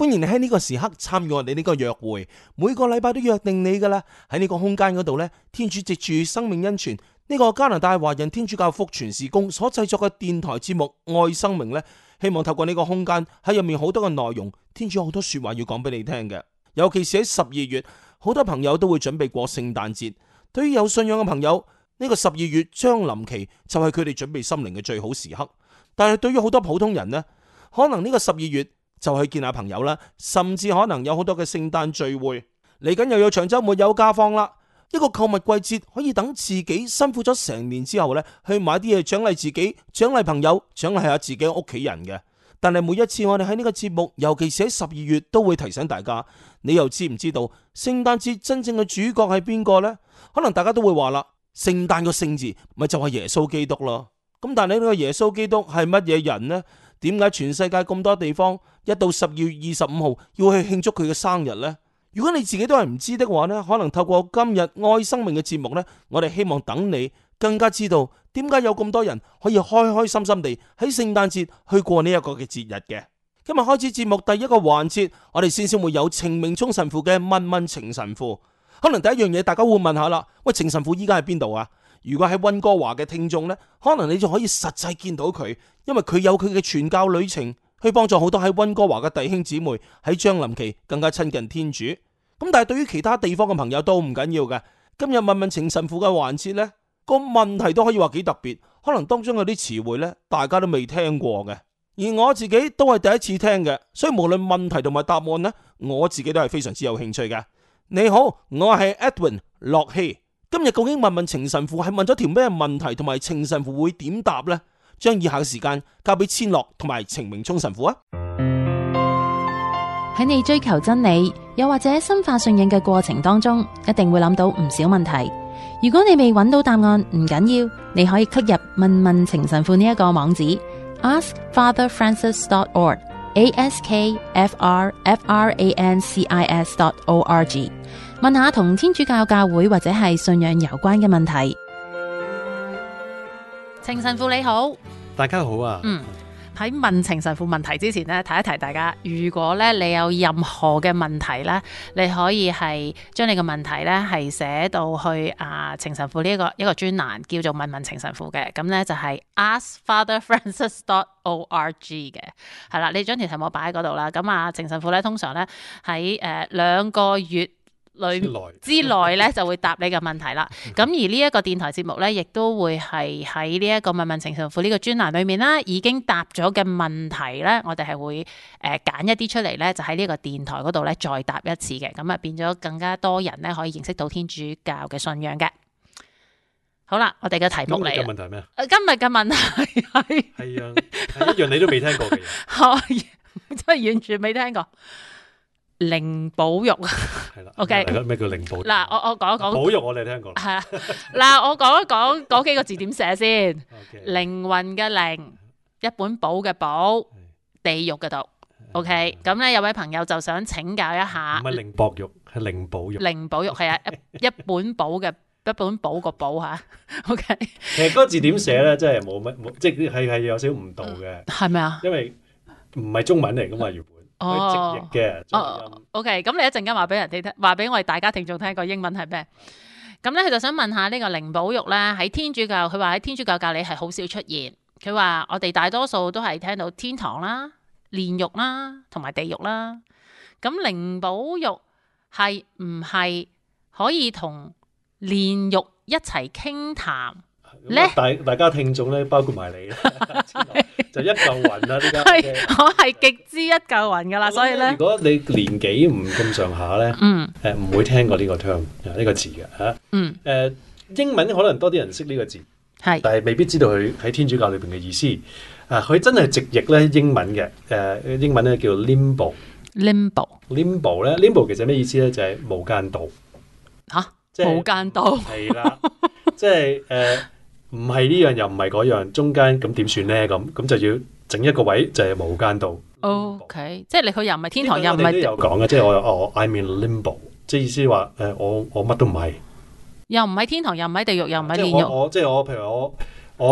歡迎你喺呢個時刻參與我哋呢個約會，每個禮拜都約定你噶啦。喺呢個空間嗰度咧，天主藉住生命恩泉呢個加拿大華人天主教福傳事工所製作嘅電台節目《愛生命》呢，希望透過呢個空間喺入面好多嘅內容，天主好多說話要講俾你聽嘅。尤其是喺十二月，好多朋友都會準備過聖誕節。對於有信仰嘅朋友，呢個十二月將臨期就係佢哋準備心靈嘅最好時刻。但係對於好多普通人呢，可能呢個十二月，就去見下朋友啦，甚至可能有好多嘅聖誕聚會。嚟緊又有長周末有假放啦，一個購物季節，可以等自己辛苦咗成年之後呢，去買啲嘢獎勵自己、獎勵朋友、獎勵下自己屋企人嘅。但係每一次我哋喺呢個節目，尤其是喺十二月，都會提醒大家，你又知唔知道聖誕節真正嘅主角係邊個呢？可能大家都會話啦，聖誕個聖字咪就係耶穌基督咯。咁但係呢個耶穌基督係乜嘢人呢？點解全世界咁多地方一到十二月二十五號要去慶祝佢嘅生日呢？如果你自己都係唔知道的話呢，可能透過今日愛生命嘅節目呢，我哋希望等你更加知道點解有咁多人可以開開心心地喺聖誕節去過呢一個嘅節日嘅。今日開始節目第一個環節，我哋先先會有程明忠神父嘅問問程神父。可能第一樣嘢，大家會問一下啦，喂，程神父依家喺邊度啊？如果喺溫哥華嘅聽眾呢，可能你仲可以實際見到佢，因為佢有佢嘅傳教旅程，去幫助好多喺溫哥華嘅弟兄姊妹喺張林奇更加親近天主。咁但係對於其他地方嘅朋友都唔緊要嘅。今日問問情神父嘅環節呢，個問題都可以話幾特別，可能當中有啲詞彙呢，大家都未聽過嘅，而我自己都係第一次聽嘅，所以無論問題同埋答案呢，我自己都係非常之有興趣嘅。你好，我係 Edwin 洛希。今日究竟問問情神父係問咗條咩問題，同埋情神父會點答呢？將以下嘅時間交俾千樂同埋程明聰神父啊！喺你追求真理，又或者深化信仰嘅過程當中，一定會諗到唔少問題。如果你未揾到答案，唔緊要，你可以 click 入問問情神父呢一個網址 askfatherfrancis.org。AskFrFrancis.org 問下同天主教教會或者係信仰有關嘅問題。情神父你好，大家好啊。嗯，喺問情神父問題之前呢，提一提大家，如果咧你有任何嘅問題咧，你可以係將你嘅問題咧係寫到去啊、呃、情神父呢、這、一個一個專欄，叫做問問情神父嘅。咁咧就係、是、askfatherfrancis.org 嘅，係啦，你將條題目擺喺嗰度啦。咁啊，情神父咧通常咧喺誒兩個月。內之內咧 就會答你嘅問題啦。咁 而呢一個電台節目咧，這個，亦都會係喺呢一個問問情神父呢個專欄裏面啦，已經答咗嘅問題咧，我哋係會誒揀一啲出嚟，咧，就喺呢個電台嗰度咧再答一次嘅。咁啊變咗更加多人咧可以認識到天主教嘅信仰嘅。好啦，我哋嘅題目嚟。今日嘅問題係咩？今日嘅問題係係啊， 一樣一樣你都未聽過嘅。吓，即係完全未聽過。 靈寶玉係啦，OK，咩叫靈寶？嗱，我我講一講，寶玉我哋聽過。係啦，嗱，我講一講嗰幾個字點寫先。靈魂嘅靈，一本寶嘅寶，地獄嘅毒。OK，咁咧有位朋友就想請教一下，唔係靈薄玉，係靈寶玉，靈寶玉係啊，一本寶嘅一本寶個寶吓。OK，其實嗰個字點寫咧，真係冇乜，即係係係有少唔道嘅，係咪啊？因為唔係中文嚟噶嘛，粵語。哦 OK 咁你一陣間話俾人哋聽，話俾我哋大家聽眾聽個英文係咩？咁咧佢就想問一下這個靈薄獄，呢個靈薄獄咧喺天主教，佢話喺天主教教理係好少出現。佢話我哋大多數都係聽到天堂啦、煉獄啦同埋地獄啦。咁靈薄獄係唔係可以同煉獄一齊傾談，談？咧大，大家聽眾咧，包括埋你啦，就一嚿雲啦。係我係極之一嚿雲噶啦，所以咧，如果你年紀唔咁上下咧，嗯，誒，唔會聽過呢個 term 呢個字嘅吓，嗯，誒，英文可能多啲人識呢個字，係，但係未必知道佢喺天主教裏邊嘅意思。啊，佢真係直譯咧英文嘅，誒，英文咧叫 limbo，limbo，limbo 咧 limbo 其實咩意思咧？就係無間道，吓，無間道係啦，即係誒。唔係呢樣又唔係嗰樣，中間咁點算咧？咁咁就要整一個位就係無間道。OK，即係你佢又唔係天堂，又唔係地獄，又唔係地獄、嗯。我我即係我，譬如我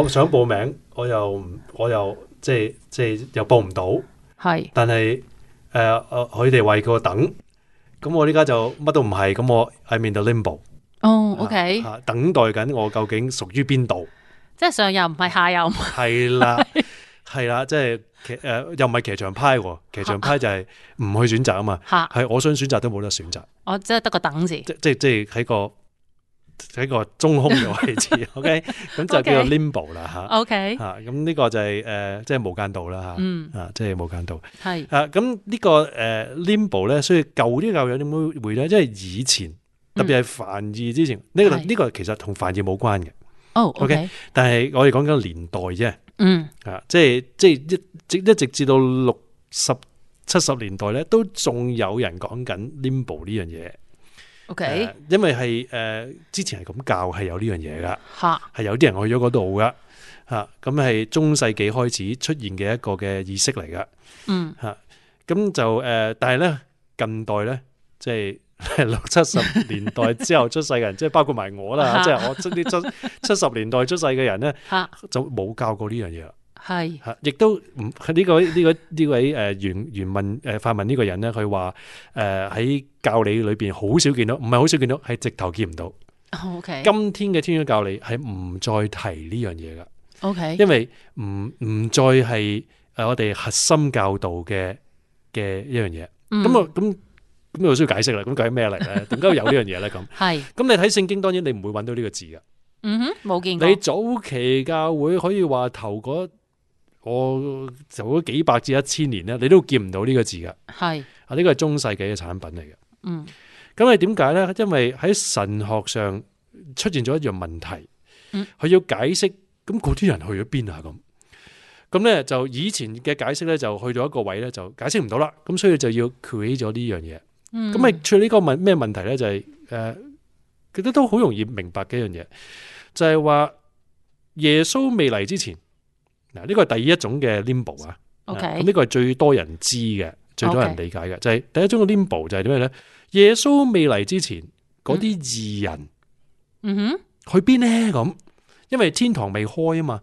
我想報名，我又我又即係即係又報唔到。係是，但係誒佢哋為個等，咁我依家就乜都唔係，咁我 I'm in limbo。哦、oh，OK，啊、等待緊我究竟屬於邊度？即係上游唔係下游？係啦，係是啦，即係誒，又唔係騎牆派、啊，騎牆派就係唔去選擇啊嘛。吓、啊，係我想選擇都冇得選擇。我、啊啊、即係得個等字。即即即係喺個喺個中空嘅位置 ，OK，咁就叫做 Limbo 啦，吓 ，OK，吓、啊，咁呢個就係、是、誒，即、呃、係、就是、無間道啦，吓，啊，即係無間道係啊，咁呢個誒 Limbo 咧，所以舊啲教養點舊會咧？即係以前。特別係繁字之前呢、這個呢、這個其實同繁字冇關嘅。哦、oh,，OK。Okay? 但係我哋講緊年代啫。嗯、mm.，啊，即係即係一直一直至到六十七十年代咧，都仲有人講緊 limbo 呢樣嘢。OK、呃。因為係誒、呃、之前係咁教，係有呢樣嘢噶。吓，係有啲人去咗嗰度噶。吓、啊，咁係中世紀開始出現嘅一個嘅意識嚟噶。嗯、mm. 啊，吓，咁就誒，但係咧近代咧，即係。六七十年代之後出世嘅人，即係包括埋我啦，即係我即啲七七十年代出世嘅人咧，就冇教過呢樣嘢啦。係，亦都唔呢個呢個呢位誒原原問誒發問呢個人咧，佢話誒喺教理裏邊好少見到，唔係好少見到，係直頭見唔到。O K，今天嘅天主教理係唔再提呢樣嘢噶。O K，因為唔唔再係誒我哋核心教導嘅嘅一樣嘢。咁啊咁。咁又需要解釋啦？咁究竟咩嚟咧？點解 有呢樣嘢咧？咁係 是，咁你睇聖經，當然你唔會揾到呢個字噶。嗯哼，冇見到。你早期教會可以話頭嗰我做咗幾百至一千年咧，你都見唔到呢個字噶。係是啊，呢、呢個係中世紀嘅產品嚟嘅。嗯，咁係點解咧？因為喺神學上出現咗一樣問題，佢、嗯、要解釋。咁嗰啲人去咗邊啊？咁咁咧就以前嘅解釋咧就去到一個位咧就解釋唔到啦。咁所以就要 create 咗呢樣嘢。咁咪處理呢個問咩問題咧？就係誒，其實都好容易明白嘅一樣嘢，就係話耶穌未嚟之前，嗱呢個係第二一種嘅 limbo 啊。咁呢個係最多人知嘅，最多人理解嘅，okay, 就係第一種嘅 limbo 就係點樣咧？耶穌未嚟之前，嗰啲異人，嗯哼，去邊咧？咁因為天堂未開啊嘛，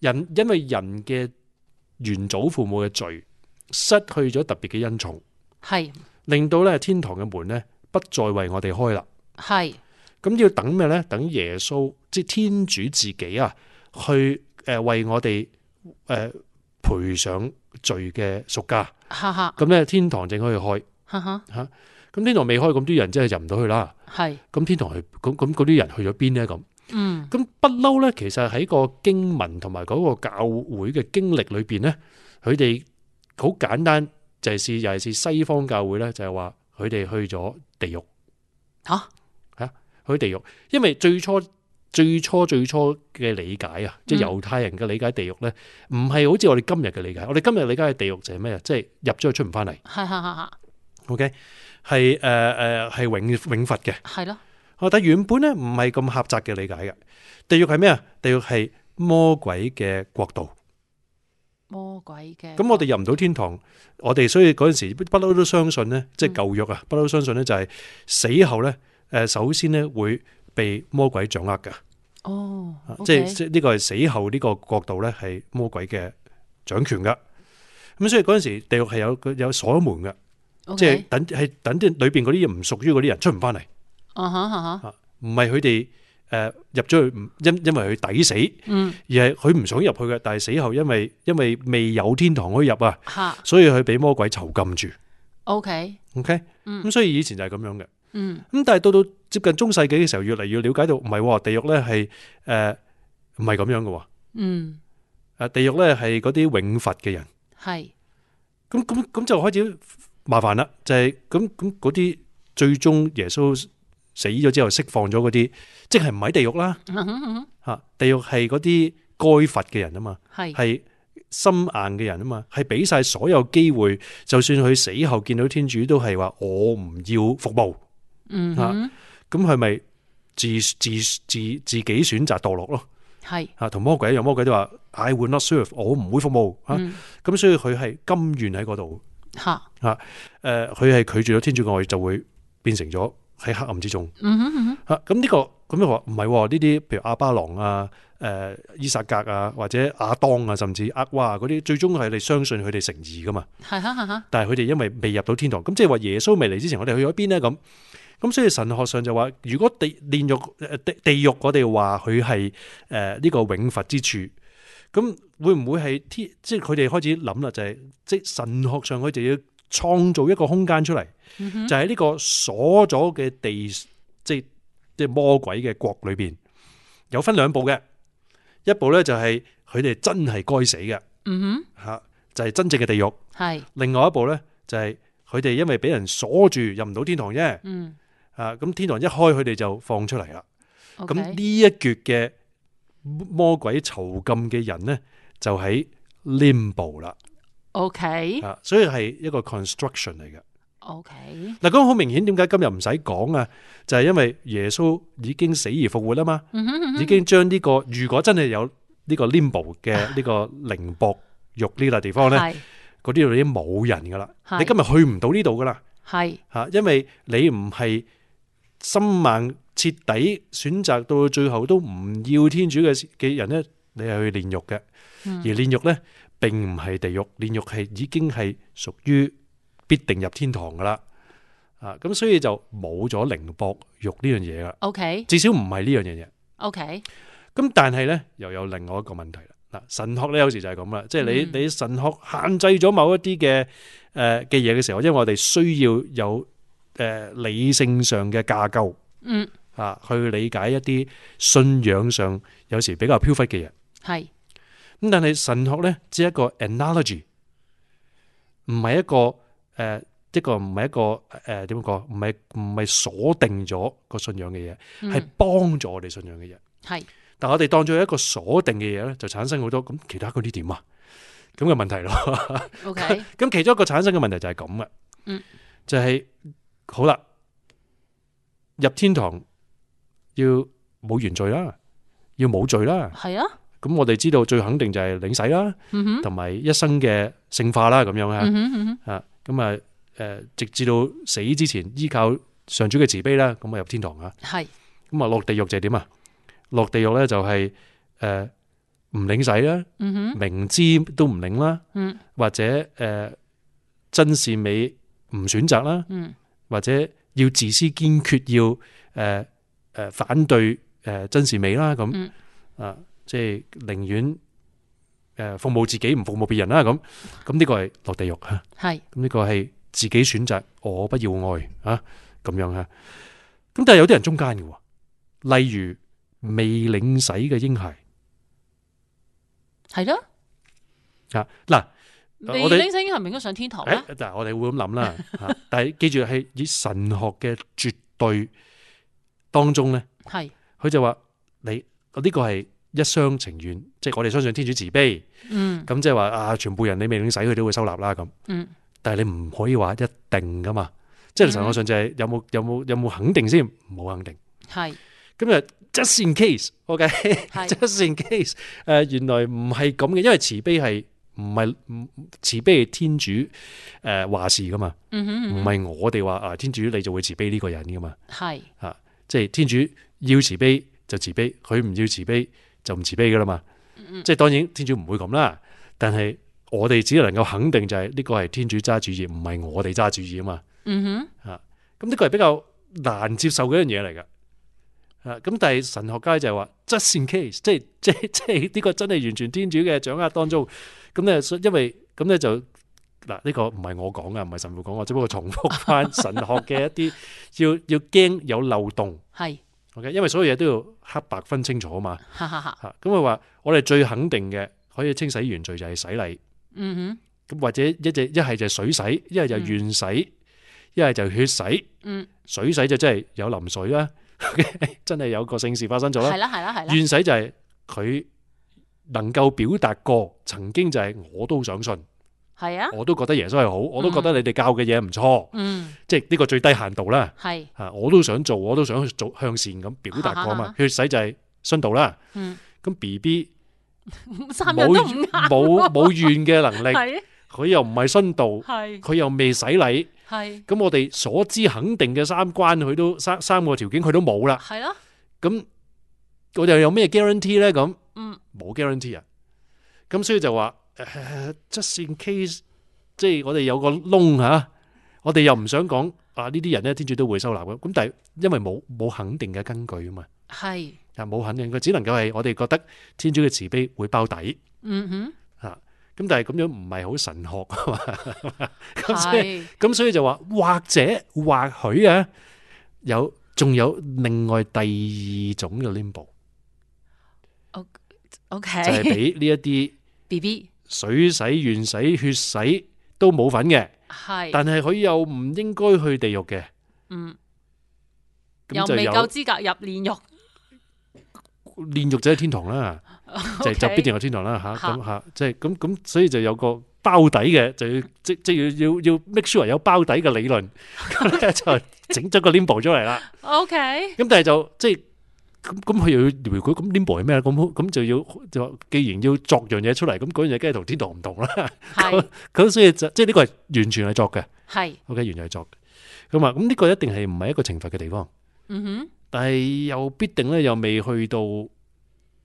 人因為人嘅原祖父母嘅罪，失去咗特別嘅恩寵，係。令到咧，天堂嘅門咧，不再為我哋開啦，係咁是要等咩咧？等耶穌即係天主自己啊，去誒為我哋誒、呃、賠上罪嘅贖價。咁咧 天堂正可以開，咁 天堂未開，咁啲人真係入唔到去啦。係咁是天堂去，咁咁嗰啲人去咗邊咧？咁嗯，咁不嬲咧，其實喺個經文同埋嗰個教會嘅經歷裏邊咧，佢哋好簡單。就係試尤其係西方教會咧，就係話佢哋去咗地獄，吓吓去地獄，因為最初最初最初嘅理解啊，嗯、即係猶太人嘅理解地獄咧，唔係好似我哋今日嘅理解。我哋今日理解嘅地獄就係咩啊？即係入咗去出唔翻嚟，係係係係，OK，係誒誒係永永罰嘅，係咯的。但原本咧唔係咁狹窄嘅理解嘅，地獄係咩啊？地獄係魔鬼嘅國度。魔鬼嘅，咁我哋入唔到天堂，我哋所以嗰陣時不嬲都相信咧，即係舊約啊，不嬲相信咧就係死後咧，誒首先咧會被魔鬼掌握嘅，哦，okay、即係即呢個係死後呢個角度咧係魔鬼嘅掌權噶，咁所以嗰陣時地獄係有有鎖門嘅，Okay 即係等係等啲裏邊嗰啲嘢唔屬於嗰啲人出唔翻嚟，啊吓、uh？啊、huh，哈、uh，唔係佢哋。誒，入咗去，因因為佢抵死，而係佢唔想入去嘅。但係死後，因為因為未有天堂可以入啊，所以佢俾魔鬼囚禁住。OK，OK，咁所以以前就係咁樣嘅。咁但係到到接近中世紀嘅時候，越嚟越了解到唔係地獄咧，係誒唔係咁樣嘅。嗯，啊地獄咧係嗰啲永罰嘅人。係是，咁咁咁就開始麻煩啦。就係咁咁嗰啲最終耶穌。死咗之後釋放咗嗰啲，即係唔喺地獄啦。吓， 地獄係嗰啲該罰嘅人啊嘛，係心硬嘅人啊嘛，係俾晒所有機會，就算佢死後見到天主，都係話我唔要服務。 嗯哼，吓，咁係咪自自自自己選擇墮落咯？係啊是，同魔鬼一樣，魔鬼都話 I will not serve，我唔會服務、嗯、啊。咁所以佢係甘願喺嗰度吓啊，誒，佢係拒絕咗天主嘅愛，就會變成咗。喺黑暗之中，吓，咁呢個咁又話唔係呢啲，譬如阿巴郎啊、誒、呃、伊撒格啊，或者亞當啊，甚至厄娃嗰啲，最終係你相信佢哋成義噶嘛？係、嗯嗯、但係佢哋因為未入到天堂，咁即係話耶穌未嚟之前，我哋去咗邊咧？咁咁所以神學上就話，如果地煉獄、呃、地地獄，我哋話佢係誒呢個永罰之處，咁會唔會係天？即係佢哋開始諗啦、就是，就係即係神學上佢就要創造一個空間出嚟。Mm hmm. 就喺呢個鎖咗嘅地，即係即係魔鬼嘅國裏邊，有分兩步嘅。一步咧就係佢哋真係該死嘅，嗯哼吓就係真正嘅地獄係。是另外一步咧就係佢哋因為俾人鎖住入唔到天堂啫，嗯啊咁天堂一開佢哋就放出嚟啦。咁呢 Okay. 一撅嘅魔鬼囚禁嘅人咧就喺 limbo 啦。OK 啊，所以係一個 construction 嚟嘅。O K。嗱，咁好明顯，點解今日唔使講啊？就係因為耶穌已經死而復活啦嘛，已經將呢個如果真係有呢個 limbo 嘅呢個靈薄獄呢笪地方咧，嗰啲就已經冇人噶啦。你今日去唔到呢度噶啦，係吓，因為你唔係深盲徹底選擇到最後都唔要天主嘅嘅人咧，你係去煉獄嘅，而煉獄咧並唔係地獄，煉獄係已經係屬於。必定入天堂噶啦，啊咁所以就冇咗靈薄獄呢樣嘢啦。O K，至少唔係呢樣嘢嘢。O K，咁但係咧又有另外一個問題啦。嗱，神學咧有時就係咁啦，即係你你神學限制咗某一啲嘅誒嘅嘢嘅時候，因為我哋需要有誒理性上嘅架構，嗯啊去理解一啲信仰上有時比較飄忽嘅嘢。係咁，但係神學咧只係一個 analogy，唔係一個。誒，一個唔係一個誒，點講？唔係唔係鎖定咗個信仰嘅嘢，係幫助我哋信仰嘅嘢。係，但係我哋當咗一個鎖定嘅嘢咧，就產生好多咁其他嗰啲點啊？咁嘅問題咯。OK，咁其中一個產生嘅問題就係咁嘅，就係好啦，入天堂要冇原罪啦，要冇罪啦。係啊。咁我哋知道最肯定就係領洗啦，同埋一生嘅聖化啦，咁樣啊。咁啊，誒，直至到死之前，依靠上主嘅慈悲啦，咁啊入天堂啊。係是。咁啊，落地獄就係點啊？落地獄咧就係誒唔領洗啦，明知都唔領啦，或者誒、呃、真善美唔選擇啦，或者要自私堅決要誒誒、呃、反對誒真善美啦，咁啊，即係寧願。就是誒，服務自己唔服務別人啦，咁咁呢個係落地獄吓，係咁呢個係自己選擇，我不要愛啊，咁樣啊，咁但係有啲人中間嘅，例如未領洗嘅嬰孩，係咯啊嗱，未領洗嬰孩係咪應該上天堂咩？嗱，我哋會咁諗啦，但係記住係以神學嘅絕對當中咧，係佢就話你，我呢個係。一廂情願，即係我哋相信天主慈悲，咁、嗯、即係話啊，全部人你未領洗佢都會收納啦咁。嗯、但係你唔可以話一定噶嘛，嗯、即係實際上就係有冇有冇有冇肯定先，冇肯定係。咁啊是，just in case，OK，just、okay? 是 in case、呃。誒，原來唔係咁嘅，因為慈悲係唔係唔慈悲係天主誒、呃、話事噶嘛，唔係、嗯嗯、我哋話啊天主你就會慈悲呢個人噶嘛，係是啊，即係天主要慈悲就慈悲，佢唔要慈悲。就唔慈悲噶啦嘛，即係當然天主唔會咁啦，但係我哋只能夠肯定就係呢個係天主揸主意，唔係我哋揸主意啊嘛。嗯哼，啊，咁呢個係比較難接受嘅一樣嘢嚟噶。啊，咁但係神學家就係話 just in case，即係即係即係呢個真係完全天主嘅掌握當中。咁咧，因為咁咧就嗱呢個唔係我講噶，唔係神父講噶，只不過重複翻神學嘅一啲要要驚有漏洞係。Okay, 因為所有嘢都要黑白分清楚啊嘛，咁佢話我哋最肯定嘅可以清洗原罪就係洗禮，嗯哼，咁或者一隻一係就水洗，一係就願洗，一係、嗯、就血洗，嗯，水洗就真係有淋水啦、okay? 真係有個聖事發生咗啦，係啦係啦係啦，願洗就係佢能夠表達過曾經就係我都想信。係啊，我都覺得耶穌係好，我都覺得你哋教嘅嘢唔錯，嗯，即係呢個最低限度啦，係啊，我都想做，我都想去做向善咁表達過啊嘛，血洗就係殉道啦，嗯，咁 BB，冇冇冇願嘅能力，佢又唔係殉道，係，佢又未洗禮，係，咁我哋所知肯定嘅三關，佢都三三個條件佢都冇啦，係咯，咁我哋有咩 guarantee 咧？咁，嗯，冇 guarantee 啊，咁所以就話。誒，just in case，即係我哋有個窿，吓，我哋又唔想講啊呢啲人咧，天主都會收納嘅。咁但係因為冇冇肯定嘅根據啊嘛，係又冇肯定嘅，只能夠係我哋覺得天主嘅慈悲會包底。嗯哼，吓咁但係咁樣唔係好神學啊嘛。咁所以咁所以就話，或者或許啊，有仲有另外第二種嘅 limbo。O，OK 就係俾呢一啲 B，B。水洗、冤洗、血洗都冇份嘅，是但係佢又唔應該去地獄嘅。嗯，又未夠資格入煉獄。煉獄就係天堂啦， 就就必定係天堂啦嚇。咁嚇 那，即係咁咁，所以就有個包底嘅，就要即即要要要 make sure 有包底嘅理論， 就整咗個 limbo 出嚟啦。 OK。咁但係就即、是、係。咁咁佢又要如果咁 limbo 係咩咧？咁咁就要就既然要作樣嘢出嚟，咁嗰樣嘢梗係同天堂唔同啦。係，咁所以就即係呢個係完全係作嘅。係，OK，完全係作嘅。咁啊，咁呢個一定係唔係一個懲罰嘅地方。嗯哼，但係又必定咧，又未去到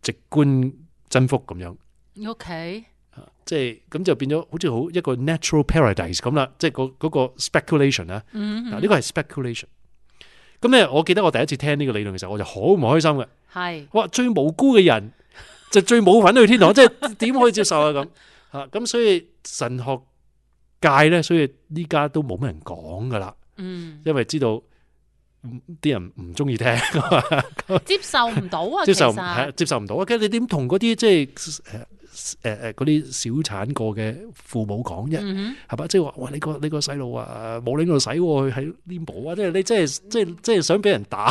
直觀真福咁樣。OK，啊，即係咁就變咗好似好一個 natural paradise 咁啦，即係嗰嗰個 speculation 啦。嗯，嗱，呢個係 speculation。咁咧，我記得我第一次聽呢個理論嘅時候，我就好唔開心嘅。係，哇，最無辜嘅人就最冇份去天堂，即係點可以接受啊？咁啊，咁所以神學界咧，所以依家都冇乜人講噶啦。嗯，因為知道啲人唔中意聽啊嘛，接受唔到啊，接受係接受唔到啊。咁你點同嗰啲即係？誒誒，嗰啲、呃、小產過嘅父母講啫，係、嗯、哼吧？即係話，喂，你個你個細路啊，冇領到洗，佢喺林寶啊，即係你真，真係即係即係想俾人打，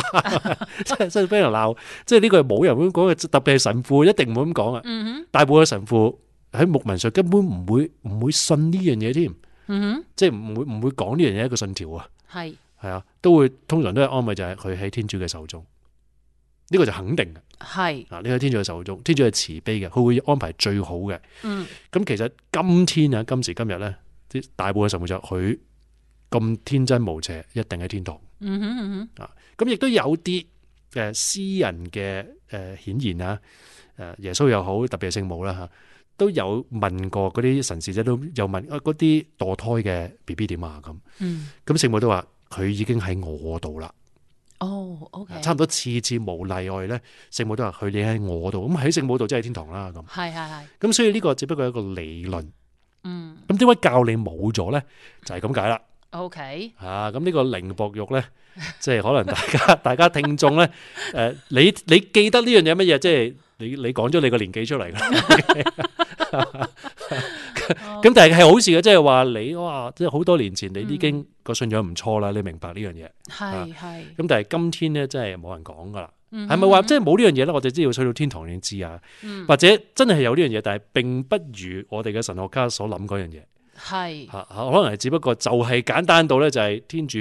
即係即係俾人鬧，即係呢個係冇人會講嘅，特別係神父一定唔會咁講啊。嗯、哼大部分神父喺牧民上根本唔會唔會信呢樣嘢添，嗯、哼即係唔會唔會講呢樣嘢一個信條啊。係係是啊，都會通常都係安慰就係佢喺天主嘅手中。呢個就肯定嘅。係啊是！呢個天主嘅手中，天主係慈悲嘅，佢會安排最好嘅。嗯，咁其實今天啊，今時今日咧，啲大部分嘅神父就佢咁天真無邪，一定喺天堂。嗯哼嗯哼，啊，咁亦都有啲嘅私人嘅誒顯現啊，誒耶穌又好，特別係聖母啦吓，都有問過嗰啲神師者，都有問啊嗰啲墮胎嘅 B B 點啊咁。嗯，咁聖母都話佢已經喺我度啦。哦、oh，OK，差唔多次次無例外咧，聖母都話佢哋喺我度，咁喺聖母度即係天堂啦，咁係係係，咁所以呢個只不過係一個理論，嗯，咁點解教你冇咗咧？就係咁解啦，OK，啊，咁呢個靈薄獄咧，即係可能大家 大家聽眾咧，誒，你你記得呢樣嘢乜嘢？即係你你講咗你個年紀出嚟噶。 咁但係係好事嘅，即係話你哇，即係好多年前你已經個信仰唔錯啦，你明白呢樣嘢，係係。咁但係今天咧，真係冇人講噶啦。係咪話即係冇呢樣嘢咧？我哋只要去到天堂先知啊。或者真係有呢樣嘢，但係並不如我哋嘅神學家所諗嗰樣嘢，係可能係只不過就係簡單到咧就係天主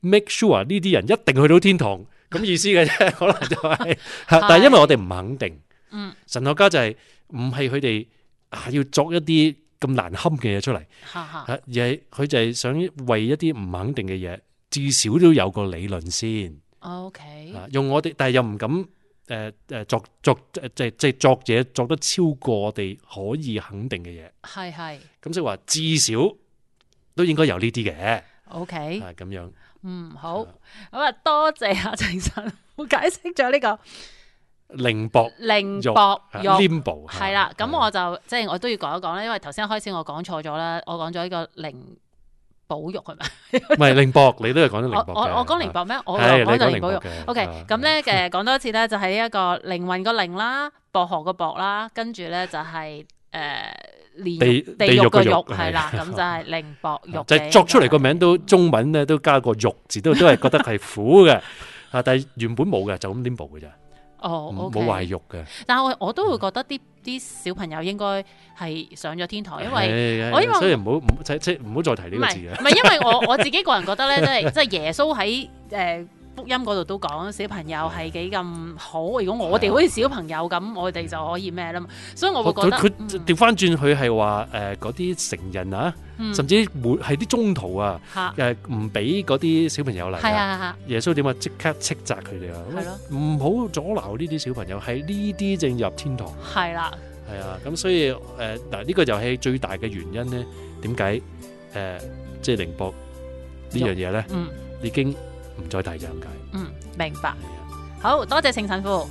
make sure 呢啲人一定去到天堂咁意思嘅啫。可能就係，但係因為我哋唔肯定。嗯，神學家就係唔係佢哋啊要作一啲。咁難堪嘅嘢出嚟，吓，而係佢就係想為一啲唔肯定嘅嘢，至少都有個理論先。O K，用我哋，但係又唔敢，誒、呃、誒作作即係即係作者作，作得超過我哋可以肯定嘅嘢。係係，咁即係話至少都應該有呢啲嘅。O K，係咁樣。嗯，好，嗯、好啊，多謝啊，陳生，解釋咗呢個。靈薄、靈薄獄，limb，係啦。咁我就即係我都要講一講咧，因為頭先開始我講錯咗啦，我講咗一個靈寶獄係咪？唔係靈薄，你都係講咗靈薄嘅。我我講靈薄咩？係你講靈寶獄嘅。O K，咁咧，誒，講多一次咧，就係一個靈魂個靈啦，薄荷個薄啦，跟住咧就係誒，地地獄個獄係啦，咁就係靈薄獄嘅。就係作出嚟個名都中文咧都加個獄字，都都係覺得係苦嘅啊！但係原本冇嘅，就咁 limb 嘅啫。哦，冇好懷育嘅，但係我，我都會覺得啲啲小朋友應該係上咗天台，因為我因為所以唔好即唔好再提呢個字啊！唔係因為我 我自己個人覺得咧，即係即係耶穌喺誒。呃福音嗰度都講小朋友係幾咁好，如果我哋好似小朋友咁，嗯、我哋就可以咩啦嘛，所以我會覺得佢調翻轉，佢係話嗰啲成人啊，嗯、甚至每係啲中途啊，唔俾嗰啲小朋友嚟、啊，啊啊、耶穌點啊即刻斥責佢哋啊，唔好、啊、阻撓呢啲小朋友，係呢啲正入天堂，係啦，係啊，咁、啊啊、所以嗱呢、呃這個遊戲最大嘅原因咧，點解即係寧博呢樣嘢咧，嗯、已經。唔再大境界。嗯，明白。好多謝聖神父，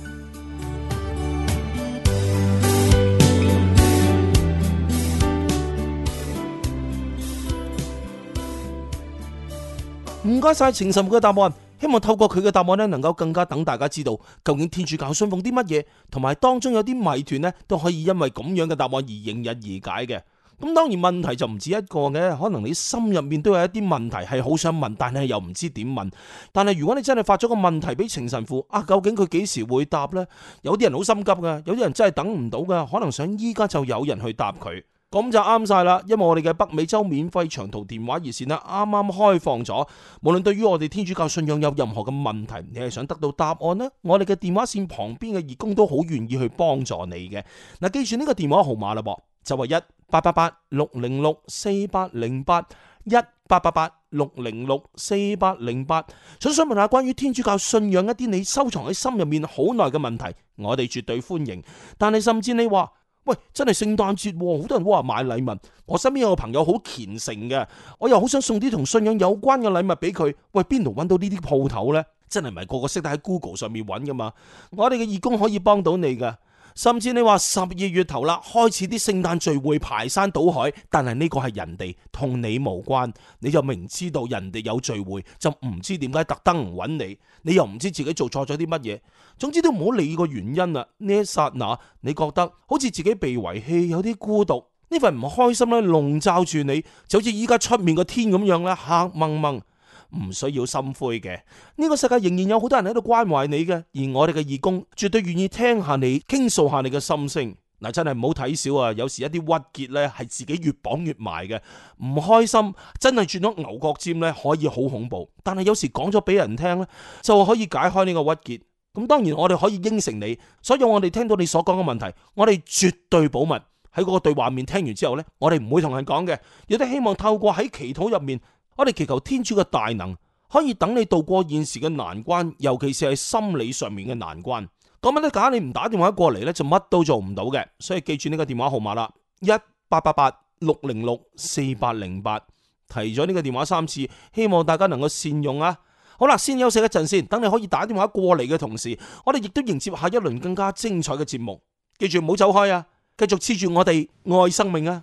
唔該晒，聖神父嘅答案。希望透過佢嘅答案呢，能夠更加等大家知道究竟天主教信奉啲乜嘢，同埋當中有啲謎團呢，都可以因為咁樣嘅答案而迎刃而解嘅。咁當然問題就唔止一個嘅，可能你心入面都有一啲問題係好想問，但係又唔知點問。但係如果你真係發咗個問題俾程神父啊，究竟佢幾時會答呢？有啲人好心急㗎，有啲人真係等唔到㗎，可能想依家就有人去答佢咁就啱晒啦。因為我哋嘅北美洲免費長途電話熱線呢，啱啱開放咗，無論對於我哋天主教信仰有任何嘅問題，你係想得到答案呢？我哋嘅電話線旁邊嘅義工都好願意去幫助你嘅，嗱，記住呢個電話號碼啦，噃就係一，八八八六零六四八零八一八八八六零六四八零八，8, 8, 想想問下關於天主教信仰一啲你收藏喺心入面好耐嘅問題，我哋絕對歡迎。但係甚至你話，喂，真係聖誕節，好多人都話買禮物。我身邊有個朋友好虔誠嘅，我又好想送啲同信仰有關嘅禮物俾佢。喂，邊度揾到呢啲鋪頭呢？真係唔係個個識得喺 Google 上面揾噶嘛？我哋嘅義工可以幫到你噶。甚至你話十二月頭啦，開始啲聖誕聚會排山倒海，但係呢個係人哋同你無關，你就明知道人哋有聚會，就唔知點解特登唔搵你，你又唔知自己做錯咗啲乜嘢。總之都唔好理個原因啦。呢一剎那，你覺得好似自己被遺棄，有啲孤獨，呢份唔開心咧籠罩住你，就好似依家出面個天咁樣咧黑矇矇。唔需要心灰嘅，呢個世界仍然有好多人喺度關懷你嘅，而我哋嘅義工絕對願意聽下你傾訴下你嘅心聲。嗱，真係唔好睇小啊！有時一啲鬱結呢係自己越綁越埋嘅，唔開心，真係轉咗牛角尖呢，可以好恐怖。但係有時講咗俾人聽呢，就可以解開呢個鬱結。咁當然，我哋可以應承你，所以我哋聽到你所講嘅問題，我哋絕對保密。喺個對話面聽完之後呢，我哋唔會同人講嘅。亦都希望透過喺祈禱入面，我哋祈求天主嘅大能，可以等你渡過現時嘅難關，尤其是係心理上面嘅難關。咁樣咧，假你唔打電話過嚟咧，就乜都做唔到嘅。所以記住呢個電話號碼啦，一八八八六零六四八零八，提咗呢個電話三次，希望大家能夠善用啊！好啦，先休息一陣先，等你可以打電話過嚟嘅同時，我哋亦都迎接下一輪更加精彩嘅節目。記住唔好走開啊，繼續黐住我哋愛生命啊！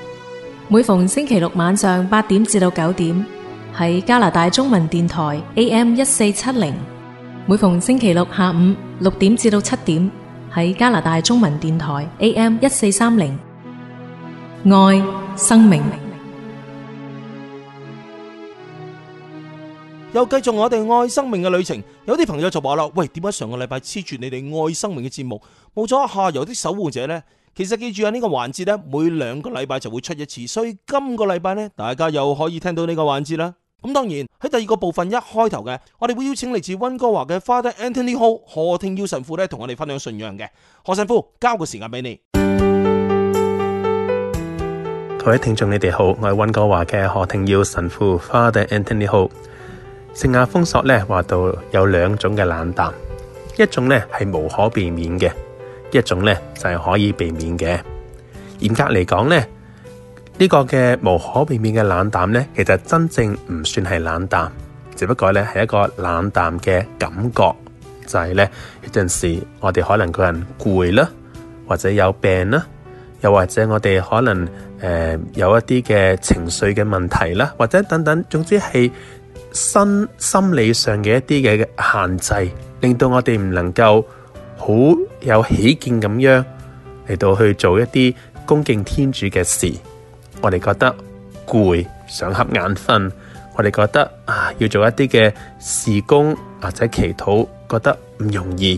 每逢星期六晚上八點至到九點，喺加拿大中文電台 AM 一四七零；每逢星期六下午六點至到七點，喺加拿大中文電台 AM 一四三零。愛生命，又繼續我哋愛生命嘅旅程。有啲朋友就話啦：喂，點解上個禮拜黐住你哋愛生命嘅節目，冇咗一下？有啲守護者呢。其實記住啊，呢個環節咧每兩個禮拜就會出一次，所以今個禮拜呢，大家又可以聽到呢個環節啦。咁當然喺第二個部分一開頭嘅，我哋會邀請嚟自温哥華嘅 Father Anthony Ho 何庭耀神父咧同我哋分享信仰嘅。何神父，交個時間俾你。各位聽眾，你哋好，我係溫哥華嘅何庭耀神父 Father Anthony Ho。聖亞封索呢，話到有兩種嘅冷淡，一種呢係無可避免嘅。一種咧就係可以避免嘅。嚴格嚟講咧，呢個嘅無可避免嘅冷淡咧，其實真正唔算係冷淡，只不過咧係一個冷淡嘅感覺。就係咧，有陣時我哋可能個人攰啦，或者有病啦，又或者我哋可能誒有一啲嘅情緒嘅問題啦，或者等等，總之係身心理上嘅一啲嘅限制，令到我哋唔能夠好有喜見咁樣嚟到去做一啲恭敬天主嘅事，我哋覺得攰，想瞌眼瞓。我哋覺得啊，要做一啲嘅事工或者祈禱，覺得唔容易，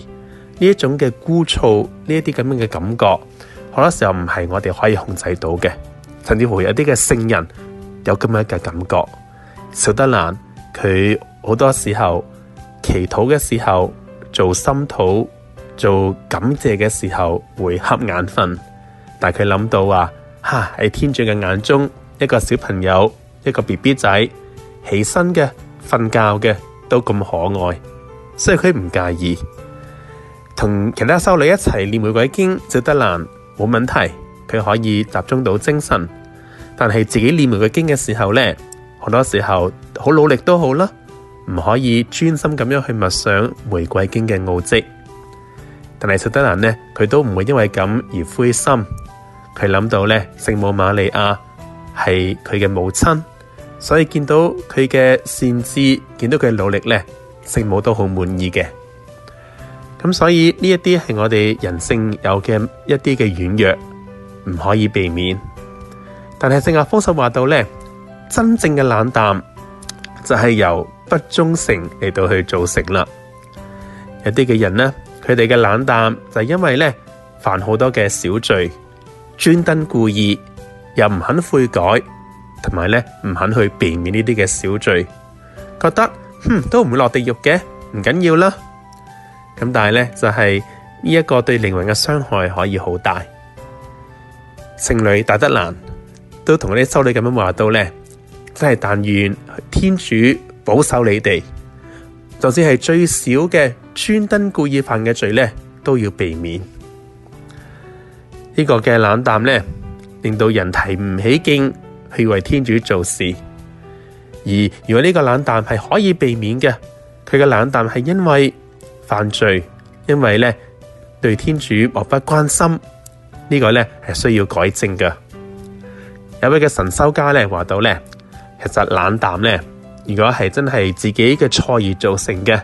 呢一種嘅枯燥呢一啲咁樣嘅感覺，好多時候唔係我哋可以控制到嘅。甚至乎有啲嘅聖人有咁樣嘅感覺，小德蘭佢好多時候祈禱嘅時候做心禱。做感謝嘅時候會瞌眼瞓，但佢諗到啊，哈喺天主嘅眼中，一個小朋友，一個 BB 仔，起身嘅、瞓覺嘅都咁可愛，所以佢唔介意。同其他修女一齊念玫瑰經，就得難冇問題，佢可以集中到精神。但係自己念玫瑰經嘅時候呢，好多時候好努力都好啦，唔可以專心咁樣去默想玫瑰經嘅奧跡。但係，實德蘭呢，佢都唔會因為咁而灰心。佢諗到呢，聖母瑪利亞係佢嘅母親，所以見到佢嘅善知，見到佢嘅努力呢，聖母都好滿意嘅。咁所以呢一啲係我哋人性有嘅一啲嘅軟弱，唔可以避免。但係聖亞方神話到呢，真正嘅冷淡就係由不忠誠嚟到去造成啦。有啲嘅人呢。佢哋嘅冷淡就係因為咧犯好多嘅小罪，專登故意又唔肯悔改，同埋咧唔肯去避免呢啲嘅小罪，覺得哼、嗯、都唔會落地獄嘅，唔緊要啦。但呢、就係咧就係呢一個對靈魂嘅傷害可以好大，聖女大德蘭，都同嗰啲修女噉樣話到呢，真係但願天主保守你哋就算係最少嘅專登故意犯嘅罪都要避免呢、這個嘅冷淡咧，令到人提唔起勁去為天主做事。而如果呢個冷淡係可以避免嘅，佢嘅冷淡係因為犯罪，因為咧對天主漠不關心，這個、呢個咧係需要改正嘅。有位嘅神修家咧話到咧，其實冷淡咧。如果係真係自己嘅錯而造成嘅，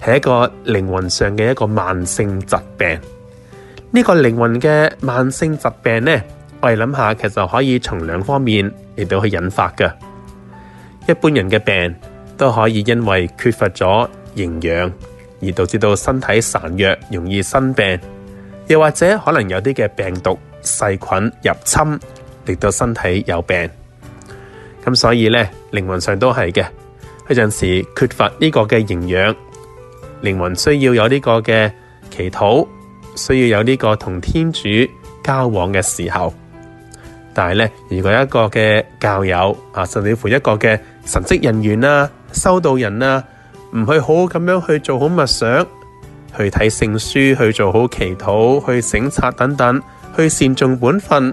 係一個靈魂上嘅一個慢性疾病。呢個靈魂嘅慢性疾病呢，我哋諗下，其實可以從兩方面嚟到去引發嘅。一般人嘅病都可以因為缺乏咗營養而導致到身體孱弱，容易生病，又或者可能有啲嘅病毒、細菌入侵，令到身體有病。咁所以呢，靈魂上都係嘅，有陣時缺乏呢個嘅營養，靈魂需要有呢個嘅祈禱，需要有呢個同天主交往嘅時候。但係呢，如果一個嘅教友啊，甚至乎一個嘅神職人員啦、啊、修道人啦、啊，唔去好好咁樣去做好默想，去睇聖書，去做好祈禱，去省察等等，去善盡本分，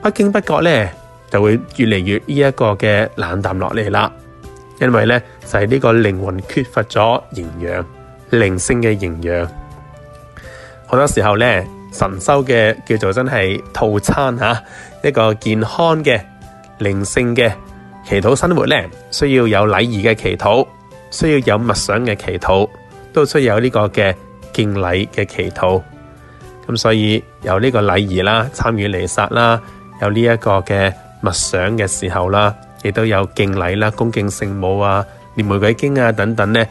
不經不覺呢。就會越嚟越呢一個嘅冷淡落嚟啦，因為呢就係呢個靈魂缺乏咗營養，靈性嘅營養。好多時候呢，神修嘅叫做真係套餐吓，一個健康嘅靈性嘅祈禱生活呢，需要有禮儀嘅祈禱，需要有默想嘅祈禱，都需要有呢個嘅敬禮嘅祈禱。咁所以有呢個禮儀啦，參與彌撒啦，有呢一個嘅。默想嘅時候啦，亦都有敬禮啦，恭敬聖母啊，念玫瑰經啊等等咧，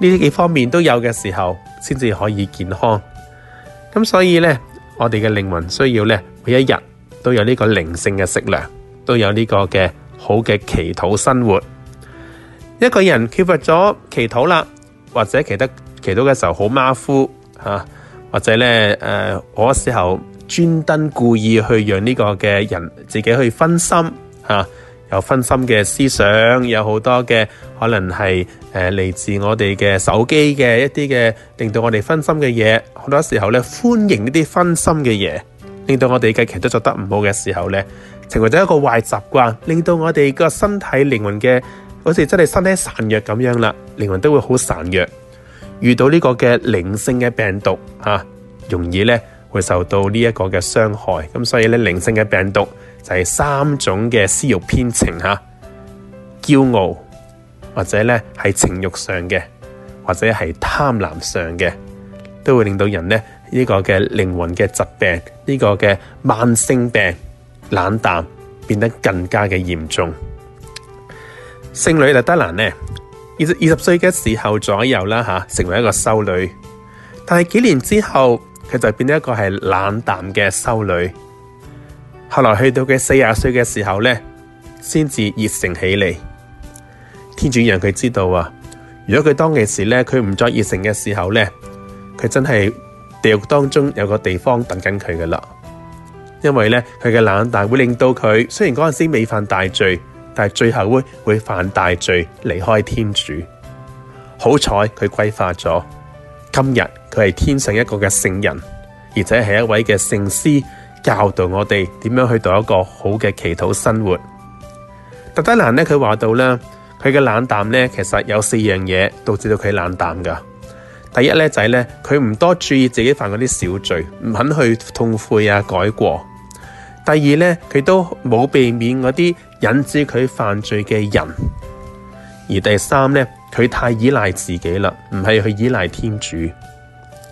呢幾方面都有嘅時候，先至可以健康。咁所以咧，我哋嘅靈魂需要咧，每一日都有呢個靈性嘅食糧，都有呢個嘅好嘅祈禱生活。一個人缺乏咗祈禱啦，或者祈得祈禱嘅時候好馬虎啊，或者咧誒嗰時候。專登故意去讓呢個嘅人自己去分心嚇、啊，有分心嘅思想，有好多嘅可能係誒嚟自我哋嘅手機嘅一啲嘅令到我哋分心嘅嘢。好多時候呢，歡迎呢啲分心嘅嘢，令到我哋嘅其實都做得唔好嘅時候呢，成為咗一個壞習慣，令到我哋個身體靈魂嘅好似真係身體孱弱咁樣啦，靈魂都會好孱弱，遇到呢個嘅靈性嘅病毒嚇、啊，容易呢。會受到呢一個嘅傷害，咁所以咧，靈性嘅病毒就係三種嘅私欲偏情吓，驕、啊、傲或者咧係情欲上嘅，或者係貪婪上嘅，都會令到人咧呢、這個嘅靈魂嘅疾病，呢、這個嘅慢性病冷淡變得更加嘅嚴重。聖女德德蘭咧，二十二十歲嘅時候左右啦，吓、啊、成為一個修女，但係幾年之後。佢就變咗一個係冷淡嘅修女，後來去到佢四十歲嘅時候咧，先至熱誠起嚟。天主讓佢知道啊，如果佢當其時咧，佢唔再熱誠嘅時候咧，佢真係地獄當中有個地方等緊佢噶啦。因為咧，佢嘅冷淡會令到佢雖然嗰陣時未犯大罪，但係最後會會犯大罪離開天主。好彩佢歸化咗。今日佢係天上一個嘅聖人，而且係一位嘅聖師，教導我哋點樣去度一個好嘅祈禱生活。特德蘭咧，佢話到咧，佢嘅冷淡咧，其實有四樣嘢導致到佢冷淡噶。第一咧，就係咧，佢唔多注意自己犯嗰啲小罪，唔肯去痛悔、啊、改過。第二咧，佢都冇避免嗰啲引致佢犯罪嘅人。而第三咧，佢太依賴自己啦，唔係去依賴天主。